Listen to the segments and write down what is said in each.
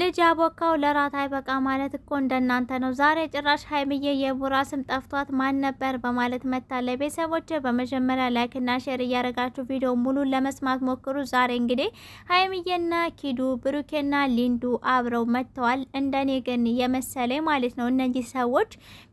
ልጅ ያቦካው ለራት አይበቃ ማለት እኮ እንደናንተ ነው። ዛሬ ጭራሽ ሀይምዬ የቡራ ስም ጠፍቷት ማን ነበር በማለት መታለ። ቤተሰቦች በመጀመሪያ ላይክና ሼር እያደረጋችሁ ቪዲዮ ሙሉን ለመስማት ሞክሩ። ዛሬ እንግዲህ ሀይምዬና ኪዱ ብሩኬና ሊንዱ አብረው መጥተዋል። እንደኔ ግን የመሰለ ማለት ነው እነዚህ ሰዎች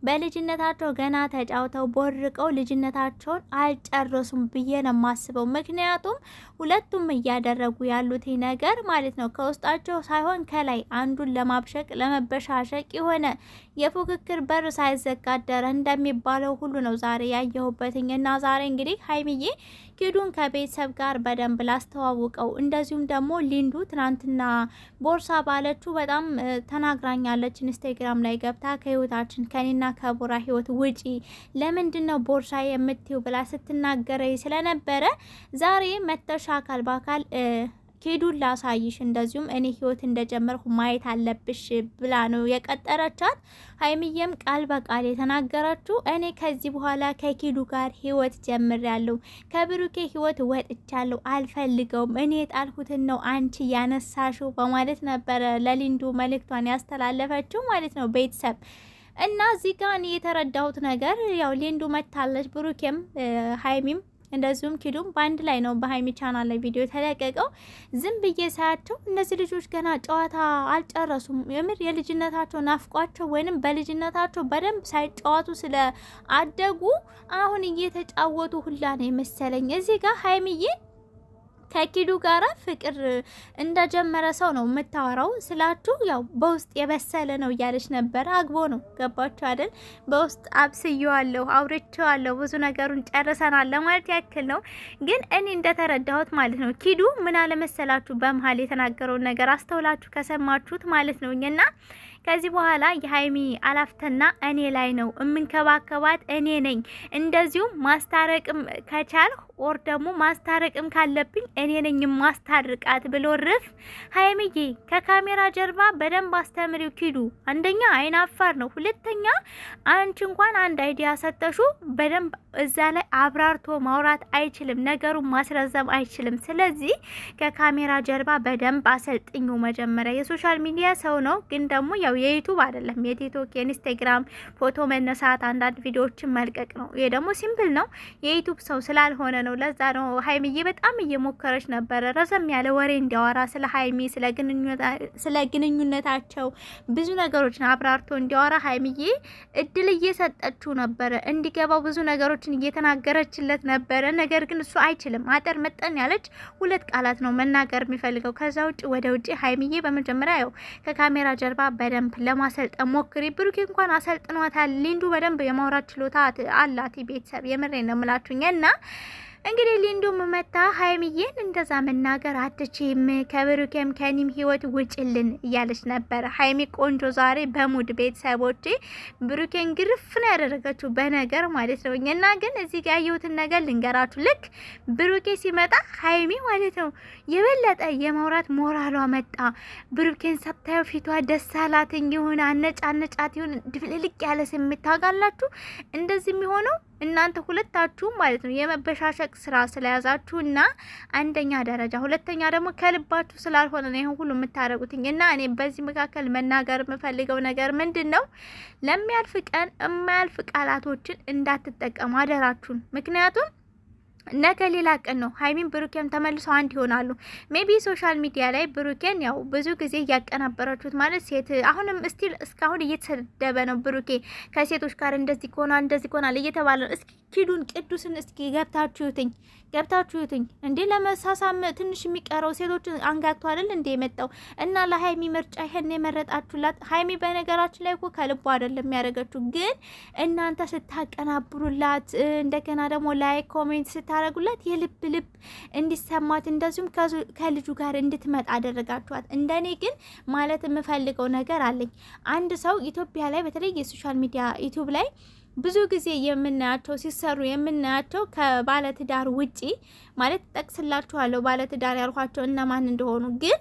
በልጅነታቸው ገና ተጫውተው ቦርቀው ልጅነታቸውን አልጨረሱም ብዬ ነው የማስበው። ምክንያቱም ሁለቱም እያደረጉ ያሉት ነገር ማለት ነው ከውስጣቸው ሳይሆን ከላ ላይ አንዱን ለማብሸቅ ለመበሻሸቅ የሆነ የፉክክር በር ሳይዘጋ እንደሚባለው ሁሉ ነው ዛሬ ያየሁበትኝ። እና ዛሬ እንግዲህ ሀይሚዬ ኪዱን ከቤተሰብ ጋር በደንብ ላስተዋውቀው፣ እንደዚሁም ደግሞ ሊንዱ ትናንትና ቦርሳ ባለችው በጣም ተናግራኛለች። ኢንስታግራም ላይ ገብታ ከህይወታችን ከኔና ከቡራ ህይወት ውጪ ለምንድን ነው ቦርሳ የምትይው ብላ ስትናገረኝ ስለነበረ ዛሬ መተሻ አካል በአካል ኬዱን ላሳይሽ፣ እንደዚሁም እኔ ህይወት እንደጀመርኩ ማየት አለብሽ ብላ ነው የቀጠረቻት። ሀይሚዬም ቃል በቃል የተናገረችው እኔ ከዚህ በኋላ ከኬዱ ጋር ህይወት ጀምሬያለሁ፣ ከብሩኬ ህይወት ወጥቻለሁ፣ አልፈልገውም፣ እኔ የጣልኩትን ነው አንቺ ያነሳሽው በማለት ነበረ ለሊንዱ መልእክቷን ያስተላለፈችው ማለት ነው ቤተሰብ እና እዚህ ጋር እኔ የተረዳሁት ነገር ያው ሊንዱ መታለች፣ ብሩኬም ሀይሚም እንደዚሁም ኪዱም በአንድ ላይ ነው በሀይሚ ቻናል ላይ ቪዲዮ የተለቀቀው። ዝም ብዬ ሳያቸው እነዚህ ልጆች ገና ጨዋታ አልጨረሱም። የምር የልጅነታቸው ናፍቋቸው ወይንም በልጅነታቸው በደንብ ሳይጫወቱ ስለ አደጉ አሁን እየተጫወቱ ሁላ ነው የመሰለኝ እዚህ ጋር ሀይሚዬ ከኪዱ ጋራ ፍቅር እንደጀመረ ሰው ነው የምታወራው ስላችሁ፣ ያው በውስጥ የበሰለ ነው እያለች ነበረ አግቦ ነው ገባችሁ አይደል? በውስጥ አብስየዋለሁ፣ አውርቼዋለሁ፣ ብዙ ነገሩን ጨርሰናል ለማለት ያክል ነው። ግን እኔ እንደተረዳሁት ማለት ነው ኪዱ ምን አለመሰላችሁ በመሀል የተናገረውን ነገር አስተውላችሁ ከሰማችሁት ማለት ነው እና ከዚህ በኋላ የሀይሚ አላፍተና እኔ ላይ ነው የምንከባከባት እኔ ነኝ። እንደዚሁም ማስታረቅም ከቻልሁ ኦር ደግሞ ማስታረቅም ካለብኝ እኔ ነኝ ማስታርቃት ብሎ ርፍ ሀይሚዬ ከካሜራ ጀርባ በደንብ አስተምሪው ኪዱ። አንደኛ አይን አፋር ነው፣ ሁለተኛ አንቺ እንኳን አንድ አይዲያ ሰጠሹ በደንብ እዛ ላይ አብራርቶ ማውራት አይችልም፣ ነገሩን ማስረዘም አይችልም። ስለዚህ ከካሜራ ጀርባ በደንብ አሰልጥኙ። መጀመሪያ የሶሻል ሚዲያ ሰው ነው ግን ደግሞ ያው የዩቱብ አይደለም የቲክቶክ የኢንስታግራም ፎቶ መነሳት አንዳንድ ቪዲዮዎችን መልቀቅ ነው። ይሄ ደግሞ ሲምፕል ነው። የዩቱብ ሰው ስላልሆነ ነው። ለዛ ነው ሀይሚዬ በጣም እየሞከረች ነበረ ረዘም ያለ ወሬ እንዲያወራ ስለ ሀይሚ ስለ ግንኙነታቸው ብዙ ነገሮችን አብራርቶ እንዲያወራ ሀይሚዬ እድል እየሰጠችው ነበረ። እንዲገባው ብዙ ነገሮችን እየተናገረችለት ነበረ። ነገር ግን እሱ አይችልም። አጠር መጠን ያለች ሁለት ቃላት ነው መናገር የሚፈልገው። ከዛ ውጭ ወደ ውጭ ሀይሚዬ በመጀመሪያ ያው ከካሜራ ጀርባ በደ በደንብ ለማሰልጠን ሞክሪ። ብሩኬ እንኳን አሰልጥኗታል። ሊንዱ በደንብ የማውራት ችሎታ አላት። ቤተሰብ የምሬ ነው የምላችሁኝ እና እንግዲህ ሊንዱም መታ ሀይሚዬን እንደዛ መናገር አትችም፣ ከብሩኬም ከኒም ህይወት ውጭልን እያለች ነበር። ሀይሚ ቆንጆ ዛሬ በሙድ ቤተሰቦች ብሩኬን ግርፍ ነው ያደረገችው በነገር ማለት ነው። እና ግን እዚህ ጋር ያየሁትን ነገር ልንገራችሁ። ልክ ብሩኬ ሲመጣ ሀይሚ ማለት ነው የበለጠ የማውራት ሞራሏ መጣ። ብሩኬን ሳታየው ፊቷ ደስ አላት። የሆነ አነጫ አነጫት ይሁን ድፍልልቅ ያለ ስሜት ታውቃላችሁ። እንደዚህ የሚሆነው እናንተ ሁለታችሁም ማለት ነው የመበሻሸቅ ስራ ስለያዛችሁ እና አንደኛ ደረጃ፣ ሁለተኛ ደግሞ ከልባችሁ ስላልሆነ ነው ይህን ሁሉ የምታደርጉትኝ። እና እኔ በዚህ መካከል መናገር የምፈልገው ነገር ምንድን ነው፣ ለሚያልፍ ቀን የማያልፍ ቃላቶችን እንዳትጠቀሙ አደራችሁን። ምክንያቱም ነገ ሌላ ቀን ነው። ሀይሚን ብሩኬም ተመልሰው አንድ ይሆናሉ። ሜቢ ሶሻል ሚዲያ ላይ ብሩኬን ያው ብዙ ጊዜ እያቀናበራችሁት ማለት ሴት አሁንም ስቲል እስካሁን እየተሰደበ ነው። ብሩኬ ከሴቶች ጋር እንደዚህ ከሆናል እንደዚህ ከሆናል እየተባለ ነው። እስኪ ኪዱን ቅዱስን እስኪ ገብታችሁትኝ ገብታችሁትኝ እንዴ ለመሳሳም ትንሽ የሚቀረው ሴቶችን አንጋግቶ አይደል እንዴ የመጣው እና ለሀይሚ ምርጫ ይሄን የመረጣችሁላት። ሀይሚ በነገራችን ላይ እኮ ከልቦ አይደለም የሚያደርገችው፣ ግን እናንተ ስታቀናብሩላት እንደገና ደግሞ ላይክ ኮሜንት ስታ ስታረጉላት የልብ ልብ እንዲሰማት እንደዚሁም ከልጁ ጋር እንድትመጣ አደረጋችኋት። እንደኔ ግን ማለት የምፈልገው ነገር አለኝ። አንድ ሰው ኢትዮጵያ ላይ በተለይ የሶሻል ሚዲያ ዩቱብ ላይ ብዙ ጊዜ የምናያቸው ሲሰሩ የምናያቸው ከባለትዳር ውጪ ማለት ጠቅስላችኋለሁ፣ ባለትዳር ያልኳቸው እነማን እንደሆኑ ግን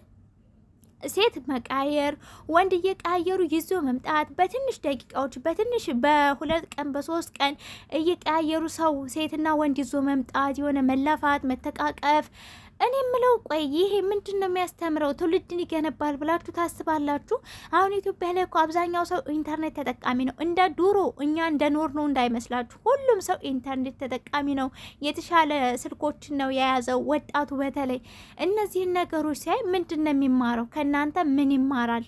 ሴት መቃየር ወንድ እየቀያየሩ ይዞ መምጣት በትንሽ ደቂቃዎች በትንሽ በሁለት ቀን በሶስት ቀን እየቀያየሩ ሰው ሴትና ወንድ ይዞ መምጣት የሆነ መለፋት መተቃቀፍ እኔ የምለው ቆይ ይሄ ምንድን ነው የሚያስተምረው? ትውልድን ይገነባል ብላችሁ ታስባላችሁ? አሁን ኢትዮጵያ ላይ እኮ አብዛኛው ሰው ኢንተርኔት ተጠቃሚ ነው። እንደ ዱሮ እኛ እንደ ኖር ነው እንዳይመስላችሁ። ሁሉም ሰው ኢንተርኔት ተጠቃሚ ነው። የተሻለ ስልኮችን ነው የያዘው። ወጣቱ በተለይ እነዚህን ነገሮች ሲያይ ምንድን ነው የሚማረው? ከእናንተ ምን ይማራል?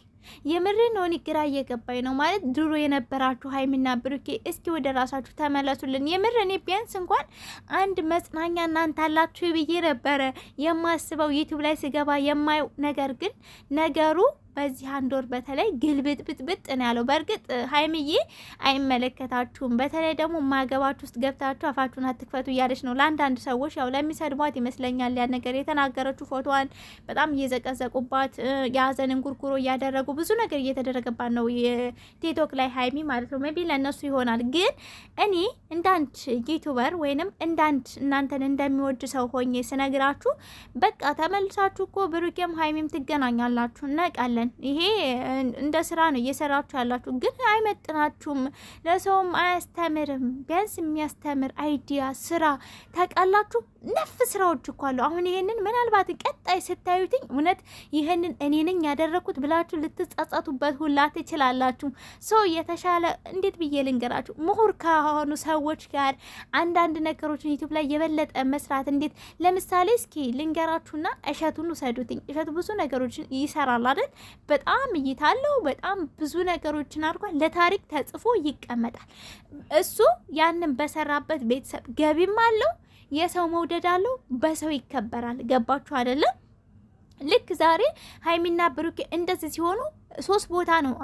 የምሬ ሆኒ ግራ እየገባኝ ነው። ማለት ድሮ የነበራችሁ ሀይሚና ብሩኬ እስኪ ወደ ራሳችሁ ተመለሱልን። የምር እኔ ቢያንስ እንኳን አንድ መጽናኛ እናንተ አላችሁ ብዬ ነበረ የማስበው ዩቱብ ላይ ስገባ የማየው ነገር ግን ነገሩ በዚህ አንድ ወር በተለይ ግልብጥብጥብጥ ነው ያለው። በእርግጥ ሀይምዬ አይመለከታችሁም። በተለይ ደግሞ ማገባችሁ ውስጥ ገብታችሁ አፋችሁን አትክፈቱ እያለች ነው ለአንዳንድ ሰዎች ያው ለሚሰድቧት ይመስለኛል ያ ነገር የተናገረችው። ፎቶዋን በጣም እየዘቀዘቁባት የሀዘን እንጉርጉሮ እያደረጉ ብዙ ነገር እየተደረገባት ነው ቲክቶክ ላይ ሀይሚ ማለት ነው። ሜቢ ለእነሱ ይሆናል፣ ግን እኔ እንዳንድ ዩቱበር ወይንም እንዳንድ እናንተን እንደሚወድ ሰው ሆኜ ስነግራችሁ በቃ ተመልሳችሁ እኮ ብሩኬም ሀይሚም ትገናኛላችሁ፣ እናውቃለን እንችላለን። ይሄ እንደ ስራ ነው እየሰራችሁ ያላችሁ፣ ግን አይመጥናችሁም፣ ለሰውም አያስተምርም። ቢያንስ የሚያስተምር አይዲያ ስራ ታውቃላችሁ። ነፍ ስራዎች እኮ አሉ። አሁን ይሄንን ምናልባት ቀጣይ ስታዩትኝ እውነት ይህንን እኔ ነኝ ያደረግኩት ብላችሁ ልትጸጸቱበት ሁላ ትችላላችሁ። ሰው የተሻለ እንዴት ብዬ ልንገራችሁ፣ ምሁር ከሆኑ ሰዎች ጋር አንዳንድ ነገሮችን ዩቲዩብ ላይ የበለጠ መስራት እንዴት። ለምሳሌ እስኪ ልንገራችሁና እሸቱን ውሰዱትኝ። እሸቱ ብዙ ነገሮችን ይሰራል አይደል? በጣም እይታ አለው። በጣም ብዙ ነገሮችን አድርጓል። ለታሪክ ተጽፎ ይቀመጣል። እሱ ያንን በሰራበት ቤተሰብ ገቢም አለው፣ የሰው መውደድ አለው፣ በሰው ይከበራል። ገባችሁ አይደለም? ልክ ዛሬ ሀይሚና ብሩኬ እንደዚህ ሲሆኑ ሶስት ቦታ ነው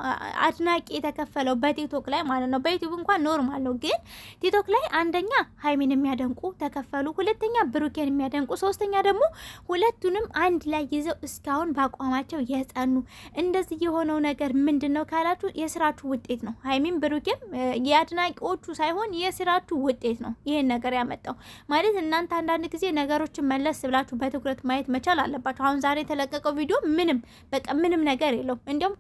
አድናቂ የተከፈለው በቲክቶክ ላይ ማለት ነው። በዩቲዩብ እንኳን ኖርማል ነው፣ ግን ቲክቶክ ላይ አንደኛ ሀይሚን የሚያደንቁ ተከፈሉ፣ ሁለተኛ ብሩኬን የሚያደንቁ፣ ሶስተኛ ደግሞ ሁለቱንም አንድ ላይ ይዘው እስካሁን በአቋማቸው የጸኑ። እንደዚህ የሆነው ነገር ምንድን ነው ካላችሁ የስራችሁ ውጤት ነው። ሀይሚን ብሩኬም የአድናቂዎቹ ሳይሆን የስራችሁ ውጤት ነው ይሄን ነገር ያመጣው ማለት። እናንተ አንዳንድ ጊዜ ነገሮችን መለስ ብላችሁ በትኩረት ማየት መቻል አለባችሁ። አሁን ዛሬ የተለቀቀው ቪዲዮ ምንም በቃ ምንም ነገር የለውም እንዲያውም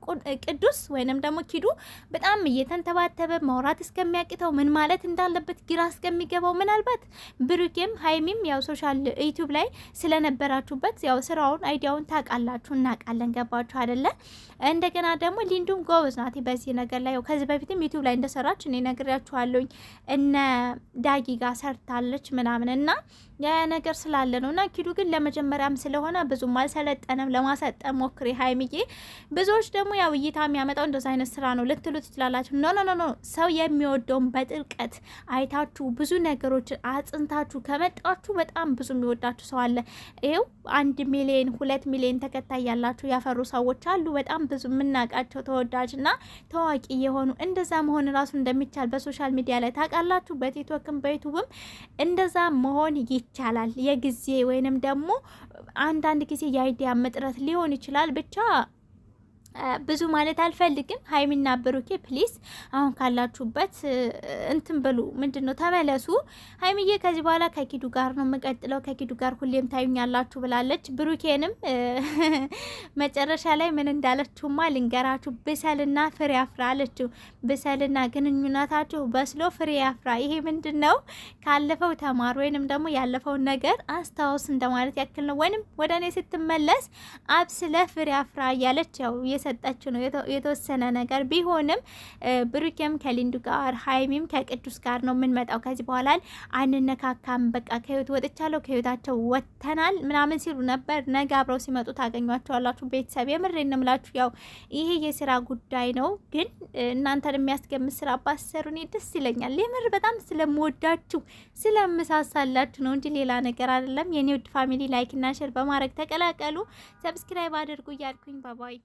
ቅዱስ ወይንም ደግሞ ኪዱ በጣም እየተንተባተበ ማውራት እስከሚያቅተው ምን ማለት እንዳለበት ግራ እስከሚገባው ምናልባት ብሩኬም ሀይሚም ያው ሶሻል ዩቱብ ላይ ስለነበራችሁበት ያው ስራውን አይዲያውን ታውቃላችሁ፣ እናውቃለን። ገባችሁ አይደለ? እንደገና ደግሞ ሊንዱም ጎበዝ ናት በዚህ ነገር ላይ። ከዚህ በፊትም ዩቲዩብ ላይ እንደሰራች እኔ ነግሬያችኋለሁኝ። እነ ዳጊ ጋር ሰርታለች ምናምን እና ያ ነገር ስላለ ነው እና ኪዱ ግን ለመጀመሪያም ስለሆነ ብዙም አልሰለጠነም። ለማሰጠን ሞክሪ ሀይምዬ ብዙዎች ደግሞ ያው እይታ የሚያመጣው እንደዛ አይነት ስራ ነው ልትሉ ትችላላችሁ። ኖ ኖ ኖ ሰው የሚወደውን በጥልቀት አይታችሁ ብዙ ነገሮችን አጽንታችሁ ከመጣችሁ በጣም ብዙ የሚወዳችሁ ሰው አለ። ይኸው አንድ ሚሊዮን ሁለት ሚሊዮን ተከታይ ያላችሁ ያፈሩ ሰዎች አሉ በጣም ብዙ የምናውቃቸው ተወዳጅና ታዋቂ የሆኑ እንደዛ መሆን ራሱ እንደሚቻል በሶሻል ሚዲያ ላይ ታውቃላችሁ። በቲክቶክም በዩቱብም እንደዛ መሆን ይቻላል። የጊዜ ወይንም ደግሞ አንዳንድ ጊዜ የአይዲያ መጥረት ሊሆን ይችላል ብቻ ብዙ ማለት አልፈልግም። ሀይሚና ብሩኬ ፕሊስ አሁን ካላችሁበት እንትን ብሉ ምንድን ነው ተመለሱ። ሀይሚዬ ከዚህ በኋላ ከኪዱ ጋር ነው የምቀጥለው፣ ከኪዱ ጋር ሁሌም ታዩኛላችሁ ብላለች። ብሩኬንም መጨረሻ ላይ ምን እንዳለችውማ ልንገራችሁ። ብሰልና ፍሬ አፍራ አለችው። ብሰልና ግንኙነታችሁ በስሎ ፍሬ አፍራ። ይሄ ምንድን ነው? ካለፈው ተማሩ ወይንም ደግሞ ያለፈውን ነገር አስታውስ እንደማለት ያክል ነው። ወይንም ወደ እኔ ስትመለስ አብስለ ፍሬ አፍራ እያለች ያው እየሰጠችው ነው የተወሰነ ነገር ቢሆንም ብሩኬም ከሊንዱ ጋር ሀይሚም ከቅዱስ ጋር ነው የምንመጣው። ከዚህ በኋላ አንነካካም፣ በቃ ከህይወት ወጥቻለሁ፣ ከህይወታቸው ወጥተናል ምናምን ሲሉ ነበር። ነገ አብረው ሲመጡ ታገኟቸዋላችሁ። ቤተሰብ የምሬን ነው የምላችሁ። ያው ይሄ የስራ ጉዳይ ነው፣ ግን እናንተን የሚያስገምት ስራ ባሰሩ እኔ ደስ ይለኛል። የምር በጣም ስለምወዳችሁ ስለምሳሳላችሁ ነው እንጂ ሌላ ነገር አይደለም። የኔ ውድ ፋሚሊ ላይክ እና ሼር በማድረግ ተቀላቀሉ፣ ሰብስክራይብ አድርጉ እያልኩኝ ባባይ